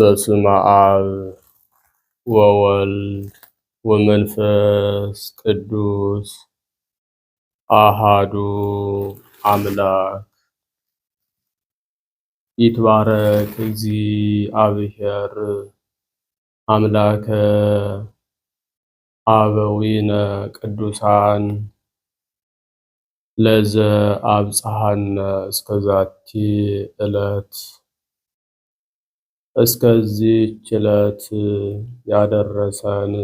በስመ አብ ወወልድ ወመንፈስ ቅዱስ አሃዱ አምላክ ይትባረክ እግዚአብሔር አምላከ አበዊነ ቅዱሳን ለዘ አብጽሐነ እስከዛቲ ዕለት እስከዚህች ዕለት ያደረሰን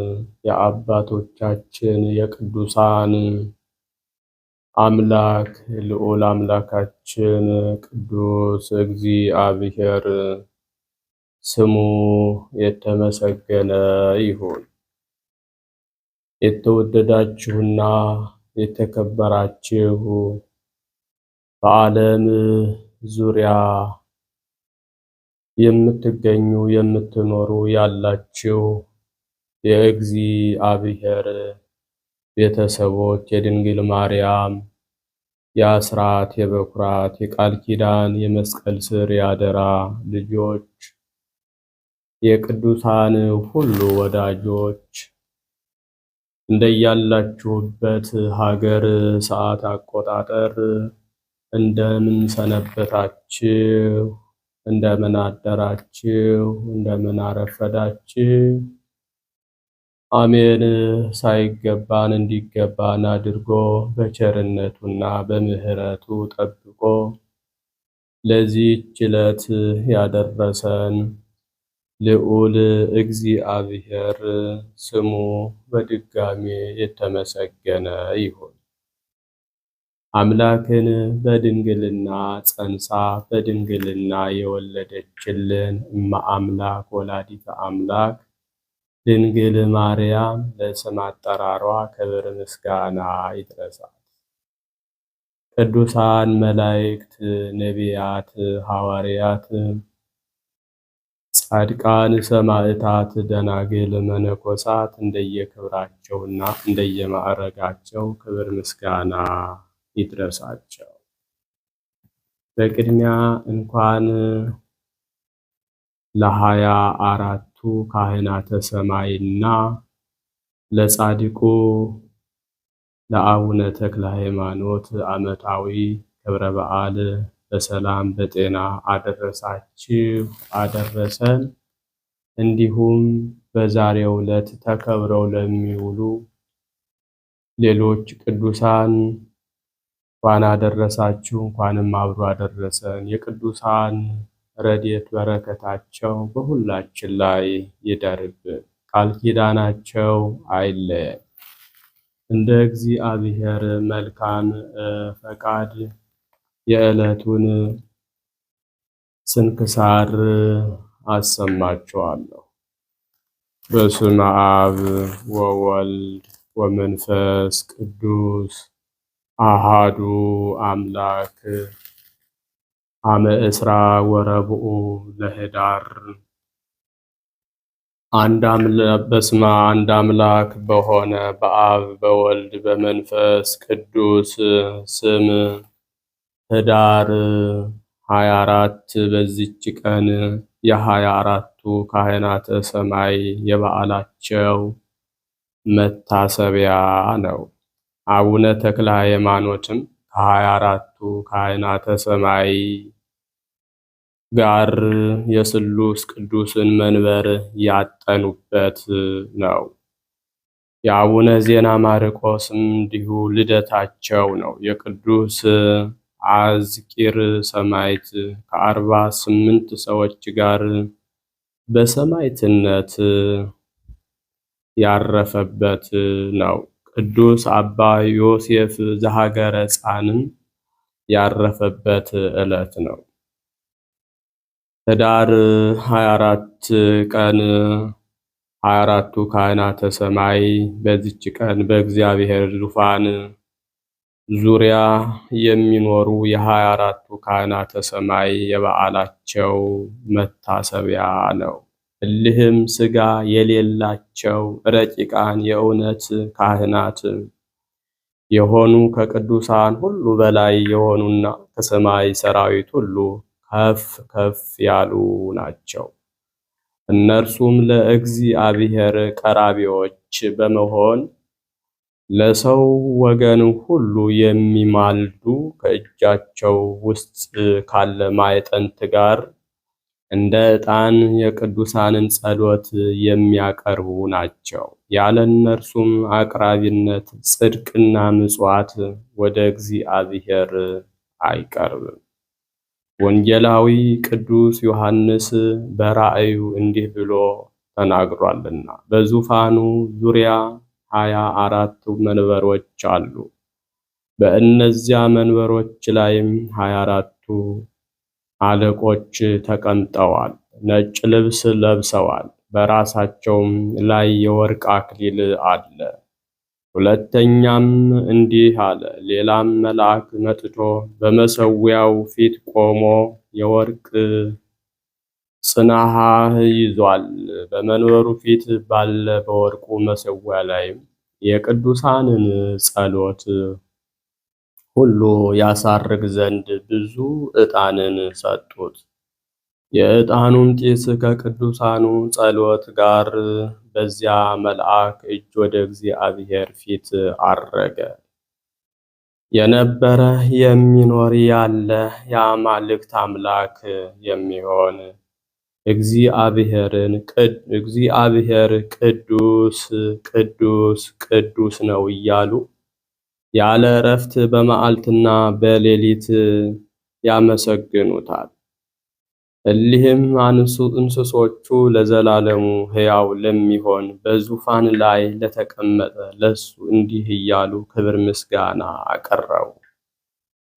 የአባቶቻችን የቅዱሳን አምላክ ልዑል አምላካችን ቅዱስ እግዚአብሔር ስሙ የተመሰገነ ይሁን። የተወደዳችሁና የተከበራችሁ በዓለም ዙሪያ የምትገኙ የምትኖሩ ያላችሁ የእግዚአብሔር ቤተሰቦች የድንግል ማርያም የአስራት የበኩራት የቃል ኪዳን የመስቀል ስር ያደራ ልጆች የቅዱሳን ሁሉ ወዳጆች እንደያላችሁበት ሀገር ሰዓት አቆጣጠር እንደምን ሰነበታችሁ? እንደምን አደራችሁ፣ እንደምን አረፈዳችሁ። አሜን። ሳይገባን እንዲገባን አድርጎ በቸርነቱና በምሕረቱ ጠብቆ ለዚህች ዕለት ያደረሰን ልዑል እግዚአብሔር ስሙ በድጋሜ የተመሰገነ ይሁን። አምላክን በድንግልና ጸንሳ በድንግልና የወለደችልን እመ አምላክ ወላዲተ አምላክ ድንግል ማርያም ለስም አጠራሯ ክብር ምስጋና ይድረሳል። ቅዱሳን መላእክት፣ ነቢያት፣ ሐዋርያት፣ ጻድቃን፣ ሰማዕታት፣ ደናግል፣ መነኮሳት እንደየክብራቸውና እንደየማዕረጋቸው ክብር ምስጋና ይድረሳቸው። በቅድሚያ እንኳን ለሀያ አራቱ ካህናተ ሰማይና ለጻድቁ ለአቡነ ተክለ ሃይማኖት ዓመታዊ ክብረ በዓል በሰላም በጤና አደረሳችሁ አደረሰን። እንዲሁም በዛሬው ዕለት ተከብረው ለሚውሉ ሌሎች ቅዱሳን እንኳን አደረሳችሁ፣ እንኳንም አብሮ አደረሰን። የቅዱሳን ረድኤት በረከታቸው በሁላችን ላይ ይደርብን፣ ቃል ኪዳናቸው አይለየን። እንደ እግዚአብሔር መልካም ፈቃድ የዕለቱን ስንክሳር አሰማችኋለሁ። በስመ አብ ወወልድ ወመንፈስ ቅዱስ አሃዱ አምላክ አመ እስራ ወረብኡ ለህዳር በስማ አንድ አምላክ በሆነ በአብ በወልድ በመንፈስ ቅዱስ ስም ህዳር 24 በዚች ቀን የሀያ አራቱ ካህናተ ሰማይ የበዓላቸው መታሰቢያ ነው። አቡነ ተክለ ሃይማኖትም ከሀያ አራቱ ካህናተ ሰማይ ጋር የስሉስ ቅዱስን መንበር ያጠኑበት ነው። የአቡነ ዜና ማርቆስም እንዲሁ ልደታቸው ነው። የቅዱስ አዝቂር ሰማይት ከአርባ ስምንት ሰዎች ጋር በሰማይትነት ያረፈበት ነው። ቅዱስ አባ ዮሴፍ ዘሀገረ ጻንን ያረፈበት ዕለት ነው። ህዳር 24 ቀን 24ቱ ካህናተ ሰማይ በዚች ቀን በእግዚአብሔር ዙፋን ዙሪያ የሚኖሩ የ24ቱ ካህናተ ሰማይ የበዓላቸው መታሰቢያ ነው። እልህም ስጋ የሌላቸው ረቂቃን የእውነት ካህናት የሆኑ ከቅዱሳን ሁሉ በላይ የሆኑና ከሰማይ ሰራዊት ሁሉ ከፍ ከፍ ያሉ ናቸው። እነርሱም ለእግዚአብሔር ቀራቢዎች በመሆን ለሰው ወገን ሁሉ የሚማልዱ ከእጃቸው ውስጥ ካለ ማዕጠንት ጋር እንደ ዕጣን የቅዱሳንን ጸሎት የሚያቀርቡ ናቸው። ያለ እነርሱም አቅራቢነት ጽድቅና ምጽዋት ወደ እግዚአብሔር አይቀርብም። ወንጌላዊ ቅዱስ ዮሐንስ በራእዩ እንዲህ ብሎ ተናግሯልና በዙፋኑ ዙሪያ ሀያ አራቱ መንበሮች አሉ። በእነዚያ መንበሮች ላይም ሀያ አራቱ አለቆች ተቀምጠዋል፣ ነጭ ልብስ ለብሰዋል፣ በራሳቸውም ላይ የወርቅ አክሊል አለ። ሁለተኛም እንዲህ አለ። ሌላም መልአክ መጥቶ በመሰዊያው ፊት ቆሞ የወርቅ ጽናሃ ይዟል። በመንበሩ ፊት ባለ በወርቁ መሰዊያ ላይም የቅዱሳንን ጸሎት ሁሉ ያሳርግ ዘንድ ብዙ ዕጣንን ሰጡት። የእጣኑን ጢስ ከቅዱሳኑ ጸሎት ጋር በዚያ መልአክ እጅ ወደ እግዚአብሔር ፊት አረገ። የነበረ የሚኖር ያለ የአማልክት አምላክ የሚሆን እግዚአብሔርን እግዚአብሔር ቅዱስ ቅዱስ ቅዱስ ነው እያሉ ያለ እረፍት በመዓልትና በሌሊት ያመሰግኑታል። እሊህም እንስሶቹ ለዘላለሙ ሕያው ለሚሆን በዙፋን ላይ ለተቀመጠ ለሱ እንዲህ እያሉ ክብር ምስጋና አቀረቡ።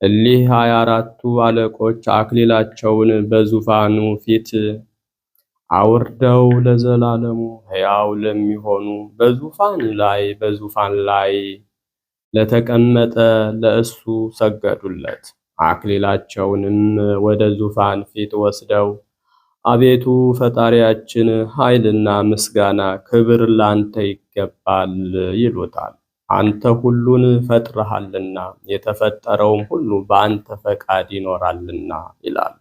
እሊህ ሀያ አራቱ አለቆች አክሊላቸውን በዙፋኑ ፊት አውርደው ለዘላለሙ ሕያው ለሚሆኑ በዙፋን ላይ በዙፋን ላይ ለተቀመጠ ለእሱ ሰገዱለት። አክሊላቸውንም ወደ ዙፋን ፊት ወስደው አቤቱ ፈጣሪያችን፣ ኃይልና ምስጋና፣ ክብር ላንተ ይገባል ይሉታል። አንተ ሁሉን ፈጥረሃልና የተፈጠረውም ሁሉ በአንተ ፈቃድ ይኖራልና ይላል።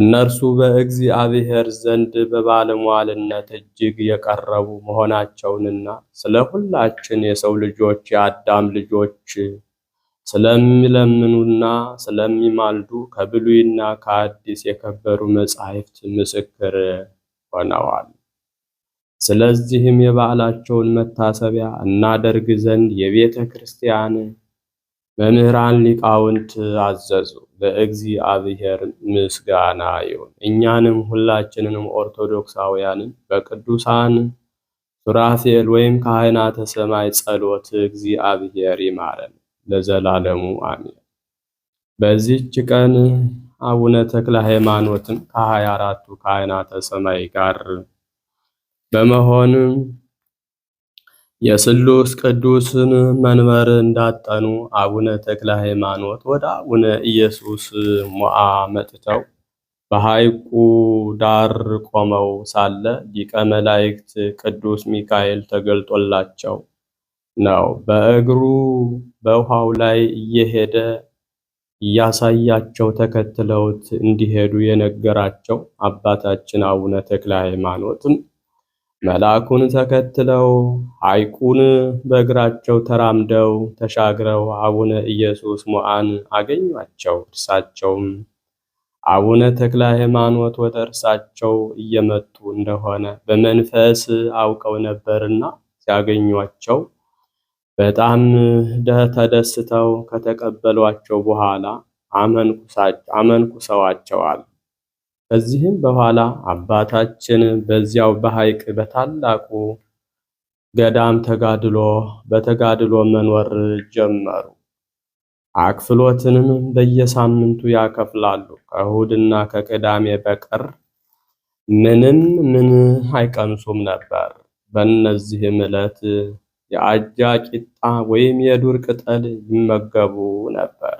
እነርሱ በእግዚአብሔር ዘንድ በባለሟልነት እጅግ የቀረቡ መሆናቸውንና ስለ ሁላችን የሰው ልጆች የአዳም ልጆች ስለሚለምኑና ስለሚማልዱ ከብሉይና ከአዲስ የከበሩ መጻሕፍት ምስክር ሆነዋል። ስለዚህም የበዓላቸውን መታሰቢያ እናደርግ ዘንድ የቤተ ክርስቲያን መምህራን ሊቃውንት አዘዙ። ለእግዚአብሔር ምስጋና ይሁን። እኛንም ሁላችንንም ኦርቶዶክሳውያንን በቅዱሳን ሱራፌል ወይም ካህናተ ሰማይ ጸሎት እግዚአብሔር ይማረን ለዘላለሙ አሜን። በዚህች ቀን አቡነ ተክለ ሃይማኖትም ከሀያ አራቱ ካህናተ ሰማይ ጋር በመሆንም የስሉስ ቅዱስን መንበር እንዳጠኑ አቡነ ተክለ ሃይማኖት ወደ አቡነ ኢየሱስ ሞአ መጥተው በሐይቁ ዳር ቆመው ሳለ ሊቀ መላእክት ቅዱስ ሚካኤል ተገልጦላቸው ነው። በእግሩ በውሃው ላይ እየሄደ እያሳያቸው ተከትለውት እንዲሄዱ የነገራቸው አባታችን አቡነ ተክለ ሃይማኖትም መልአኩን ተከትለው ሐይቁን በእግራቸው ተራምደው ተሻግረው አቡነ ኢየሱስ ሞዓን አገኟቸው። እርሳቸውም አቡነ ተክለ ሃይማኖት ወደ እርሳቸው እየመጡ እንደሆነ በመንፈስ አውቀው ነበርና ሲያገኟቸው በጣም ተደስተው ከተቀበሏቸው በኋላ አመንኩሰዋቸዋል። ከዚህም በኋላ አባታችን በዚያው በሐይቅ በታላቁ ገዳም ተጋድሎ በተጋድሎ መኖር ጀመሩ። አክፍሎትንም በየሳምንቱ ያከፍላሉ። ከእሁድና ከቅዳሜ በቀር ምንም ምን አይቀምሱም ነበር። በእነዚህም ዕለት የአጃ ቂጣ ወይም የዱር ቅጠል ይመገቡ ነበር።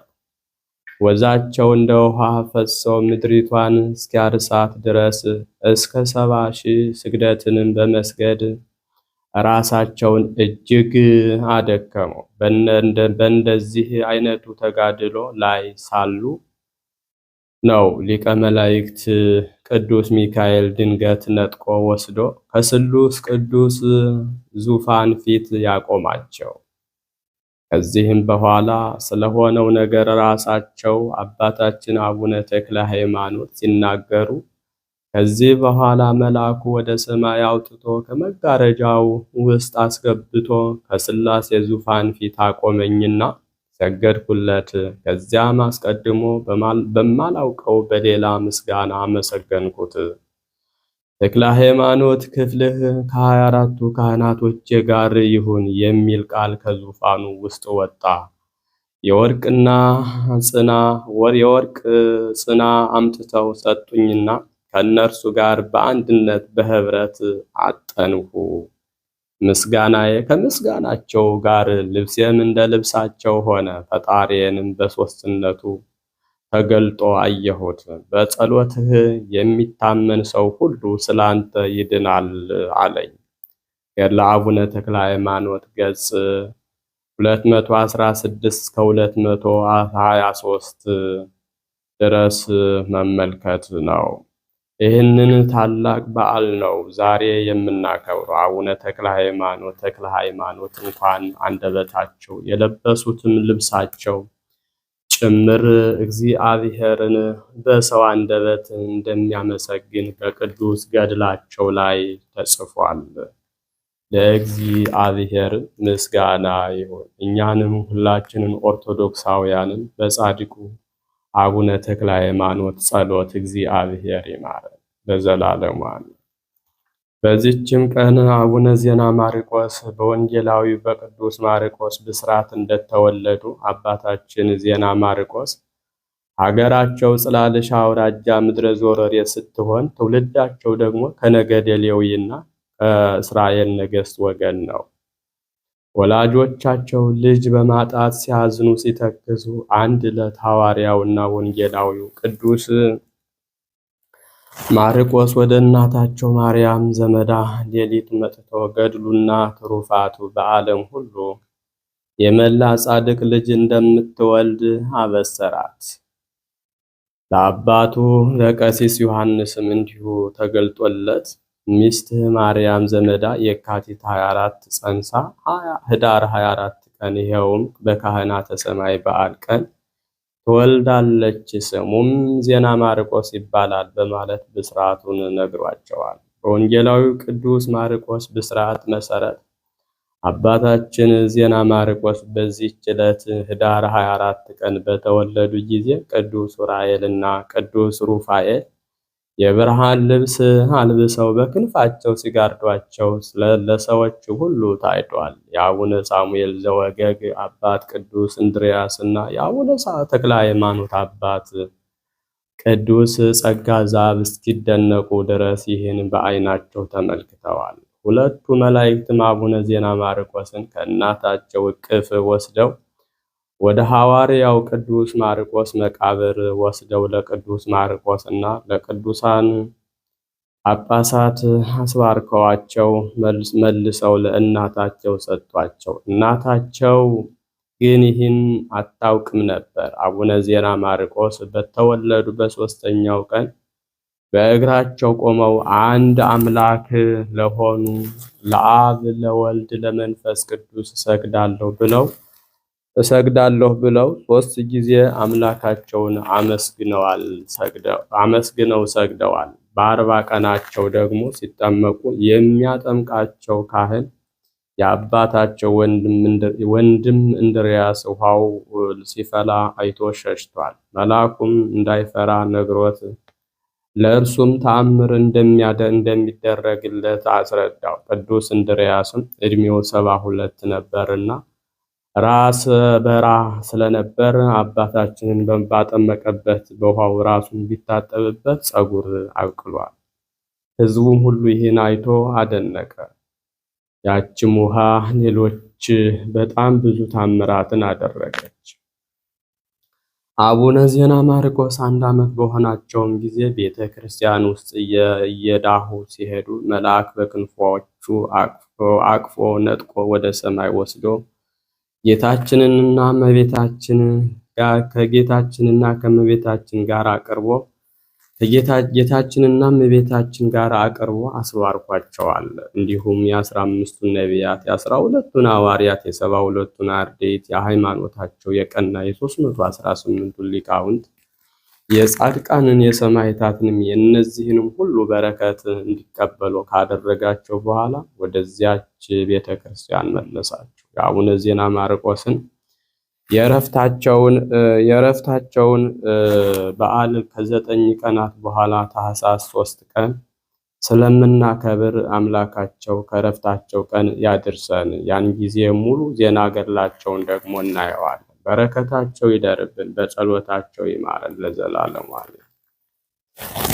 ወዛቸው እንደ ውሃ ፈሰው ምድሪቷን እስኪያርሳት ድረስ እስከ ሰባ ሺህ ስግደትንም በመስገድ ራሳቸውን እጅግ አደከሙ። በእንደዚህ አይነቱ ተጋድሎ ላይ ሳሉ ነው ሊቀ መላእክት ቅዱስ ሚካኤል ድንገት ነጥቆ ወስዶ ከስሉስ ቅዱስ ዙፋን ፊት ያቆማቸው። ከዚህም በኋላ ስለሆነው ነገር ራሳቸው አባታችን አቡነ ተክለ ሃይማኖት ሲናገሩ ከዚህ በኋላ መልአኩ ወደ ሰማይ አውጥቶ ከመጋረጃው ውስጥ አስገብቶ ከስላሴ ዙፋን ፊት አቆመኝና ሰገድኩለት። ከዚያም አስቀድሞ በማላውቀው በሌላ ምስጋና አመሰገንኩት። ተክለ ሃይማኖት ክፍልህ ከሀያ አራቱ ካህናቶች ጋር ይሁን የሚል ቃል ከዙፋኑ ውስጥ ወጣ። የወርቅና ጽና የወርቅ ጽና አምጥተው ሰጡኝና ከእነርሱ ጋር በአንድነት በህብረት አጠንሁ። ምስጋናዬ ከምስጋናቸው ጋር ልብሴም እንደ ልብሳቸው ሆነ። ፈጣሪዬንም በሶስትነቱ ተገልጦ አየሁት። በጸሎትህ የሚታመን ሰው ሁሉ ስለ አንተ ይድናል አለኝ። ገድለ አቡነ ተክለ ሃይማኖት ገጽ 216 እስከ 223 ድረስ መመልከት ነው። ይህንን ታላቅ በዓል ነው ዛሬ የምናከብረው። አቡነ ተክለ ሃይማኖት ተክለ ሃይማኖት እንኳን አንደበታቸው የለበሱትም ልብሳቸው ጭምር እግዚአብሔርን በሰው አንደበት እንደሚያመሰግን በቅዱስ ገድላቸው ላይ ተጽፏል። ለእግዚአብሔር ምስጋና ይሁን። እኛንም ሁላችንን ኦርቶዶክሳውያንን በጻድቁ አቡነ ተክለ ሃይማኖት ጸሎት እግዚአብሔር ይማረን ለዘላለሙ አሜን። በዚችም ቀን አቡነ ዜና ማርቆስ በወንጌላዊ በቅዱስ ማርቆስ ብስራት እንደተወለዱ አባታችን ዜና ማርቆስ አገራቸው ጽላልሻ አውራጃ ምድረ ዞረሬ ስትሆን ትውልዳቸው ደግሞ ከነገደ ሌዊና ከእስራኤል ነገሥት ወገን ነው። ወላጆቻቸው ልጅ በማጣት ሲያዝኑ ሲተክዙ፣ አንድ ዕለት ሐዋርያውና ወንጌላዊው ቅዱስ ማርቆስ ወደ እናታቸው ማርያም ዘመዳ ሌሊት መጥቶ ገድሉና ትሩፋቱ በዓለም ሁሉ የመላ ጻድቅ ልጅ እንደምትወልድ አበሰራት። ለአባቱ ለቀሲስ ዮሐንስም እንዲሁ ተገልጦለት ሚስትህ ማርያም ዘመዳ የካቲት 24 ጸንሳ ህዳር 24 ቀን ይኸውም በካህናተ ሰማይ በዓል ቀን ትወልዳለች ስሙም ዜና ማርቆስ ይባላል በማለት ብስራቱን ነግሯቸዋል። በወንጌላዊው ቅዱስ ማርቆስ ብስራት መሰረት አባታችን ዜና ማርቆስ በዚህች ዕለት ህዳር 24 ቀን በተወለዱ ጊዜ ቅዱስ እና ቅዱስ ሩፋኤል የብርሃን ልብስ አልብሰው በክንፋቸው ሲጋርዷቸው ለሰዎች ሁሉ ታይቷል። የአቡነ ሳሙኤል ዘወገግ አባት ቅዱስ እንድሪያስ እና የአቡነ ተክለ ሃይማኖት አባት ቅዱስ ጸጋ ዛብ እስኪደነቁ ድረስ ይህን በዓይናቸው ተመልክተዋል። ሁለቱ መላእክትም አቡነ ዜና ማርቆስን ከእናታቸው እቅፍ ወስደው ወደ ሐዋርያው ቅዱስ ማርቆስ መቃብር ወስደው ለቅዱስ ማርቆስና ለቅዱሳን ጳጳሳት አስባርከዋቸው መልሰው ለእናታቸው ሰጧቸው። እናታቸው ግን ይህን አታውቅም ነበር። አቡነ ዜና ማርቆስ በተወለዱ በሦስተኛው ቀን በእግራቸው ቆመው አንድ አምላክ ለሆኑ ለአብ ለወልድ ለመንፈስ ቅዱስ እሰግዳለሁ ብለው እሰግዳለሁ ብለው ሶስት ጊዜ አምላካቸውን አመስግነዋል። አመስግነው ሰግደዋል። በአርባ ቀናቸው ደግሞ ሲጠመቁ የሚያጠምቃቸው ካህን የአባታቸው ወንድም እንድርያስ ውሃው ሲፈላ አይቶ ሸሽቷል። መልአኩም እንዳይፈራ ነግሮት ለእርሱም ተአምር እንደሚደረግለት አስረዳው። ቅዱስ እንድርያስም እድሜው ሰባ ሁለት ነበርና ራስ በራ ስለነበር አባታችንን ባጠመቀበት በውሃው ራሱን ቢታጠብበት ጸጉር አብቅሏል። ሕዝቡም ሁሉ ይህን አይቶ አደነቀ። ያችም ውሃ ሌሎች በጣም ብዙ ታምራትን አደረገች። አቡነ ዜና ማርቆስ አንድ ዓመት በሆናቸውም ጊዜ ቤተ ክርስቲያን ውስጥ እየዳሁ ሲሄዱ መልአክ በክንፎቹ አቅፎ ነጥቆ ወደ ሰማይ ወስዶ ጌታችንንና መቤታችን ከጌታችንና ከመቤታችን ጋር አቅርቦ ከጌታችንና መቤታችን ጋር አቅርቦ አስባርኳቸዋል። እንዲሁም የአስራ አምስቱን ነቢያት የአስራ ሁለቱን ሐዋርያት የሰባ ሁለቱን የሃይማኖታቸው የቀና የሶስት መቶ አስራ ስምንቱን ሊቃውንት የጻድቃንን የሰማይታትንም የእነዚህንም ሁሉ በረከት እንዲቀበሉ ካደረጋቸው በኋላ ወደዚያች ቤተ ክርስቲያን መለሳቸው። አቡነ ዜና ማርቆስን የእረፍታቸውን የእረፍታቸውን በዓል ከዘጠኝ ቀናት በኋላ ታኅሳስ ሶስት ቀን ስለምናከብር አምላካቸው ከእረፍታቸው ቀን ያድርሰን። ያን ጊዜ ሙሉ ዜና ገድላቸውን ደግሞ እናየዋለን። በረከታቸው ይደርብን፣ በጸሎታቸው ይማረን ለዘላለሙ።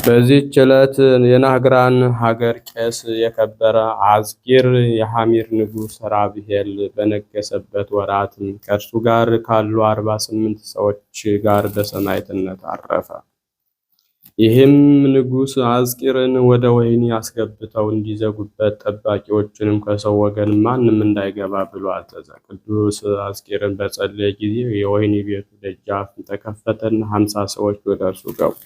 በዚህች ዕለት የናግራን ሀገር ቄስ የከበረ አዝቂር የሐሚር ንጉሥ ራብሄል በነገሰበት ወራት ከእርሱ ጋር ካሉ አርባ ስምንት ሰዎች ጋር በሰማዕትነት አረፈ። ይህም ንጉሥ አዝቂርን ወደ ወህኒ አስገብተው እንዲዘጉበት ጠባቂዎችንም ከሰው ወገን ማንም እንዳይገባ ብሎ አዘዘ። ቅዱስ አዝቂርን በጸለየ ጊዜ የወህኒ ቤቱ ደጃፍ ተከፈተና ሀምሳ ሰዎች ወደ እርሱ ገቡ።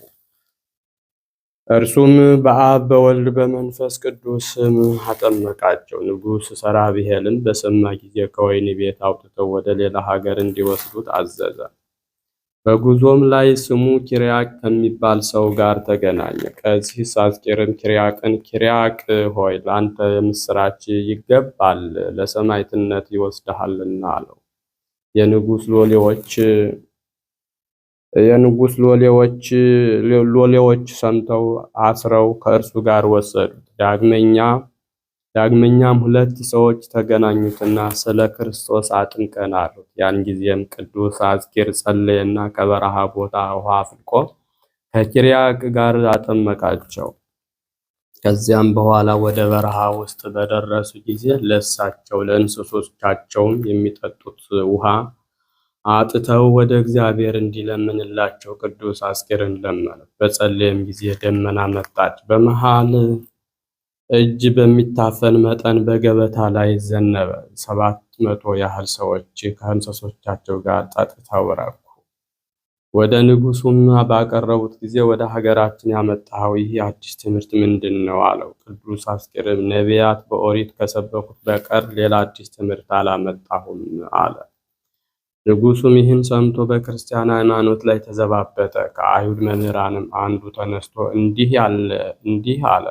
እርሱም በአብ በወልድ በመንፈስ ቅዱስ ስም አጠመቃቸው። ንጉሥ ሰራብሔልን በሰማ ጊዜ ከወይን ቤት አውጥተው ወደ ሌላ ሀገር እንዲወስዱት አዘዘ። በጉዞም ላይ ስሙ ኪርያቅ ከሚባል ሰው ጋር ተገናኘ። ከዚህ ሳስቂርም ኪርያቅን፣ ኪርያቅ ሆይ ለአንተ የምስራች ይገባል፣ ለሰማይትነት ይወስድሃልና አለው። የንጉሥ ሎሌዎች የንጉስ ሎሌዎች ሎሌዎች ሰምተው አስረው ከእርሱ ጋር ወሰዱት። ዳግመኛ ዳግመኛም ሁለት ሰዎች ተገናኙትና ስለ ክርስቶስ አጥምቀን አሉት። ያን ጊዜም ቅዱስ አዝኪር ጸለየና ከበረሃ ቦታ ውሃ አፍልቆ ከኪርያቅ ጋር አጠመቃቸው። ከዚያም በኋላ ወደ በረሃ ውስጥ በደረሱ ጊዜ ለእሳቸው ለእንስሶቻቸውም የሚጠጡት ውሃ አጥተው ወደ እግዚአብሔር እንዲለምንላቸው ቅዱስ አስኬርን ለመነ። በጸለየም ጊዜ ደመና መጣች፣ በመሃል እጅ በሚታፈን መጠን በገበታ ላይ ዘነበ። ሰባት መቶ ያህል ሰዎች ከእንስሶቻቸው ጋር ጠጥተው ረኩ። ወደ ንጉሱም ባቀረቡት ጊዜ ወደ ሀገራችን ያመጣኸው ይህ አዲስ ትምህርት ምንድን ነው? አለው። ቅዱስ አስኬርም ነቢያት በኦሪት ከሰበኩት በቀር ሌላ አዲስ ትምህርት አላመጣሁም አለ። ንጉሱም ይህን ሰምቶ በክርስቲያን ሃይማኖት ላይ ተዘባበተ። ከአይሁድ መምህራንም አንዱ ተነስቶ እንዲህ ያለ እንዲህ አለ፣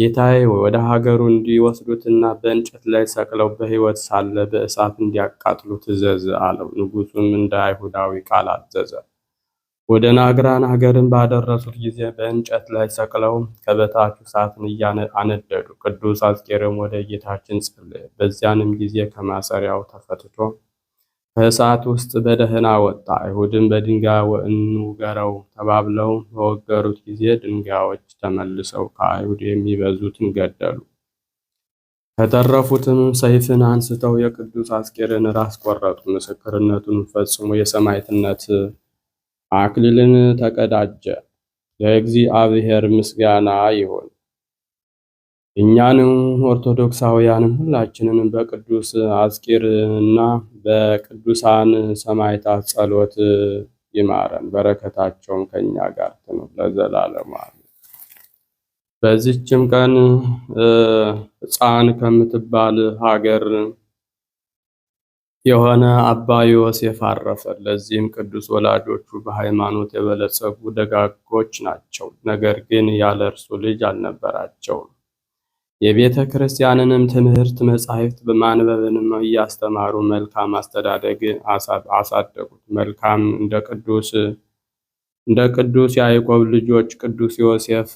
ጌታዬ ወደ ሀገሩ እንዲወስዱትና በእንጨት ላይ ሰቅለው በሕይወት ሳለ በእሳት እንዲያቃጥሉ ትዘዝ አለው። ንጉሱም እንደ አይሁዳዊ ቃል አዘዘ። ወደ ናግራን ሀገርን ባደረሱት ጊዜ በእንጨት ላይ ሰቅለው ከበታቹ እሳትን አነደዱ። ቅዱስ አስቄርም ወደ ጌታችን ጸለየ። በዚያንም ጊዜ ከማሰሪያው ተፈትቶ ከእሳት ውስጥ በደህና ወጣ። አይሁድም በድንጋይ እንውገረው ተባብለው በወገሩት ጊዜ ድንጋዮች ተመልሰው ከአይሁድ የሚበዙትን ገደሉ። ከተረፉትም ሰይፍን አንስተው የቅዱስ አስቄርን ራስ ቆረጡ። ምስክርነቱን ፈጽሞ የሰማዕትነት አክሊልን ተቀዳጀ። ለእግዚአብሔር ምስጋና ይሁን። እኛንም ኦርቶዶክሳውያንም ሁላችንን በቅዱስ አስቂር እና በቅዱሳን ሰማዕታት ጸሎት ይማረን። በረከታቸውም ከኛ ጋር ትኑር ለዘላለሙ። በዚችም ቀን ሕፃን ከምትባል ሀገር የሆነ አባ ዮሴፍ አረፈ። ለዚህም ቅዱስ ወላጆቹ በሃይማኖት የበለጸጉ ደጋጎች ናቸው። ነገር ግን ያለ እርሱ ልጅ አልነበራቸውም። የቤተ ክርስቲያንንም ትምህርት መጻሕፍት በማንበብንም እያስተማሩ መልካም አስተዳደግ አሳደጉት። መልካም እንደ ቅዱስ እንደ ቅዱስ ያዕቆብ ልጆች ቅዱስ ዮሴፍ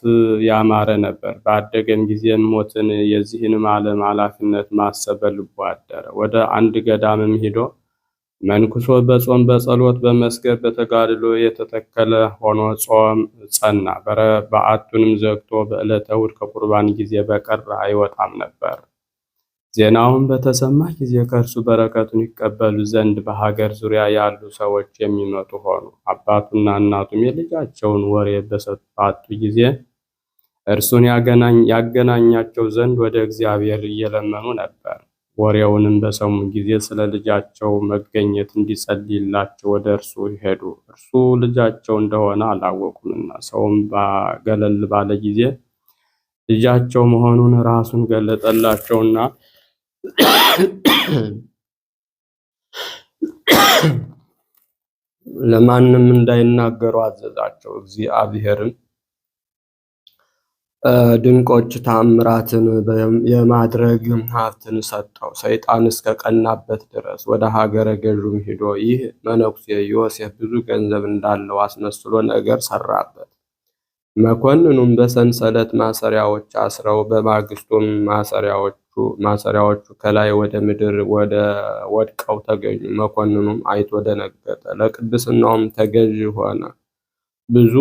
ያማረ ነበር። ባደገም ጊዜም ሞትን የዚህንም ዓለም ኃላፊነት ማሰብ በልቡ አደረ። ወደ አንድ ገዳምም ሂዶ መንኩሶ በጾም በጸሎት በመስገድ በተጋድሎ የተተከለ ሆኖ ጾም ጸና። በዓቱንም ዘግቶ በዕለተ እሑድ ከቁርባን ጊዜ በቀር አይወጣም ነበር። ዜናውን በተሰማ ጊዜ ከእርሱ በረከቱን ይቀበሉ ዘንድ በሀገር ዙሪያ ያሉ ሰዎች የሚመጡ ሆኑ። አባቱና እናቱም የልጃቸውን ወሬ በሰጡ ጊዜ እርሱን ያገናኛቸው ዘንድ ወደ እግዚአብሔር እየለመኑ ነበር። ወሬውንም በሰሙ ጊዜ ስለ ልጃቸው መገኘት እንዲጸልይላቸው ወደ እርሱ ሄዱ። እርሱ ልጃቸው እንደሆነ አላወቁምና፣ ሰውም ገለል ባለ ጊዜ ልጃቸው መሆኑን ራሱን ገለጠላቸውና ለማንም እንዳይናገሩ አዘዛቸው። እግዚአብሔርም ድንቆች ታምራትን የማድረግ ሀብትን ሰጠው። ሰይጣን እስከ ቀናበት ድረስ ወደ ሀገረ ገዥም ሂዶ ይህ መነኩሴ ዮሴፍ ብዙ ገንዘብ እንዳለው አስመስሎ ነገር ሰራበት። መኮንኑም በሰንሰለት ማሰሪያዎች አስረው፣ በማግስቱም ማሰሪያዎቹ ከላይ ወደ ምድር ወደ ወድቀው ተገኙ። መኮንኑም አይቶ ደነገጠ፣ ለቅድስናውም ተገዥ ሆነ። ብዙ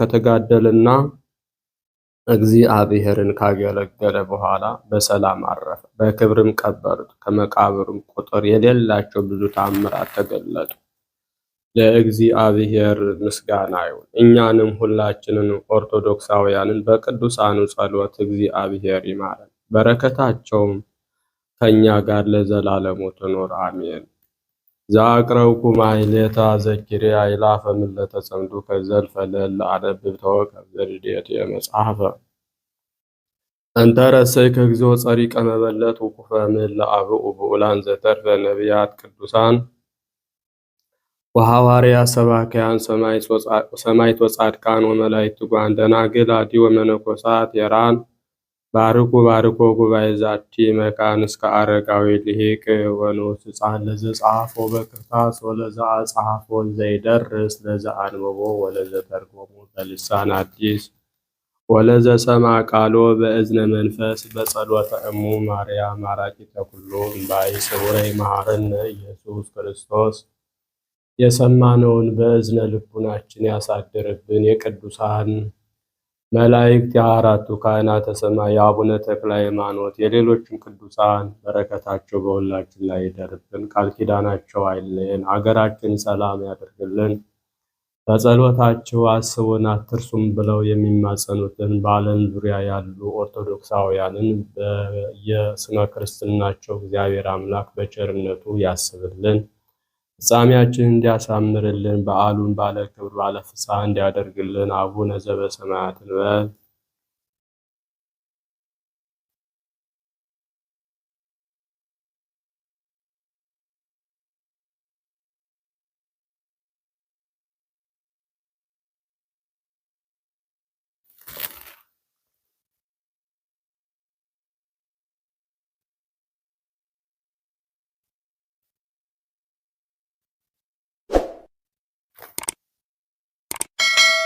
ከተጋደልና እግዚአብሔርን ካገለገለ በኋላ በሰላም አረፈ፣ በክብርም ቀበሩት። ከመቃብሩም ቁጥር የሌላቸው ብዙ ታምራት ተገለጡ። ለእግዚአብሔር ምስጋና ይሁን። እኛንም ሁላችንን ኦርቶዶክሳውያንን በቅዱሳኑ ጸሎት እግዚአብሔር ይማረን፣ በረከታቸውም ከእኛ ጋር ለዘላለሙ ትኖር አሜን። ዘአቅረብኩ ማሕሌተ ዘኪርየ አእላፈ ምለተ ጸምዱ ከዘል ፈለል አነብብ ተወከፍ ዘርድኤትየ መጽሐፈ እንተ ረሰይ ከግዞ ጸሪ ቀመበለት ወኩፈ እምእለ አብኡ ብኡላን ዘተርፈ ነቢያት ቅዱሳን ወሐዋርያ ሰባክያን ሰማይት ወጻድቃን ወመላይት ጓን ደናግል አዲ ወመነኮሳት የራን ባርኩ ባርኮ ጉባኤ ዛቲ መካን እስከ አረጋዊ ልሂቅ ወኖስ ህፃን ለዘ ጸሐፎ በክርታስ ወለዘ ጸሐፎ ዘይደርስ ለዘ አንበቦ ወለዘ ተርጎሞ በልሳን አዲስ ወለዘ ሰማ ቃሎ በእዝነ መንፈስ በጸሎተ እሙ ማርያም ማራቂ ተኩሎ እምባይ ስውረይ መሐረነ ኢየሱስ ክርስቶስ የሰማነውን በእዝነ ልቡናችን ያሳድርብን የቅዱሳን መላእክት የአራቱ ካህናተ ሰማይ የአቡነ ተክለ ሃይማኖት የሌሎችም ቅዱሳን በረከታቸው በሁላችን ላይ ይደርብን፣ ቃል ኪዳናቸው አይለየን፣ አገራችን ሰላም ያደርግልን። በጸሎታቸው አስቡን አትርሱም ብለው የሚማጸኑትን በዓለም ዙሪያ ያሉ ኦርቶዶክሳውያንን በየስመ ክርስትናቸው እግዚአብሔር አምላክ በቸርነቱ ያስብልን። ፍጻሜያችን እንዲያሳምርልን በዓሉን ባለ ክብር ባለ ፍጻ እንዲያደርግልን አቡነ ዘበሰማያት ንበል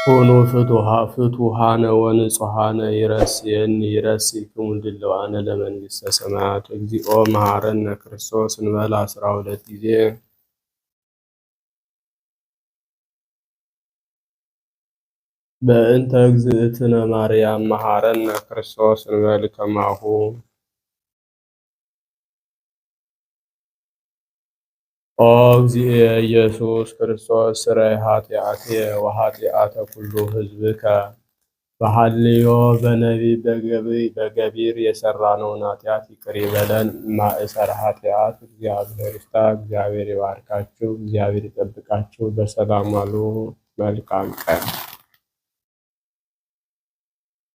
ሆኖ ፍቱሃነ ወንጹሃነ ይረስየን ይረስይክሙ ድልዋነ ለመንግሥተ ሰማያት እግዚኦ መሐረነ ክርስቶስ እንበል አስራ ሁለት ጊዜ በእንተ እግዝእትነ ማርያም መሐረነ ክርስቶስ እንበል ከማሁ ኦ እግዚእ ኢየሱስ ክርስቶስ ስረይ ኃጢአቴ ወኃጢአተ ኩሉ ሕዝብከ በሐልዮ በነቢ በገቢር የሰራነውን ኃጢአት ይቅር ይበለን። ማእሰረ ኃጢአት እግዚአብሔር ይፍታ። እግዚአብሔር ይባርካችሁ፣ እግዚአብሔር ይጠብቃችሁ። በሰላም አሉ መልካም ቀን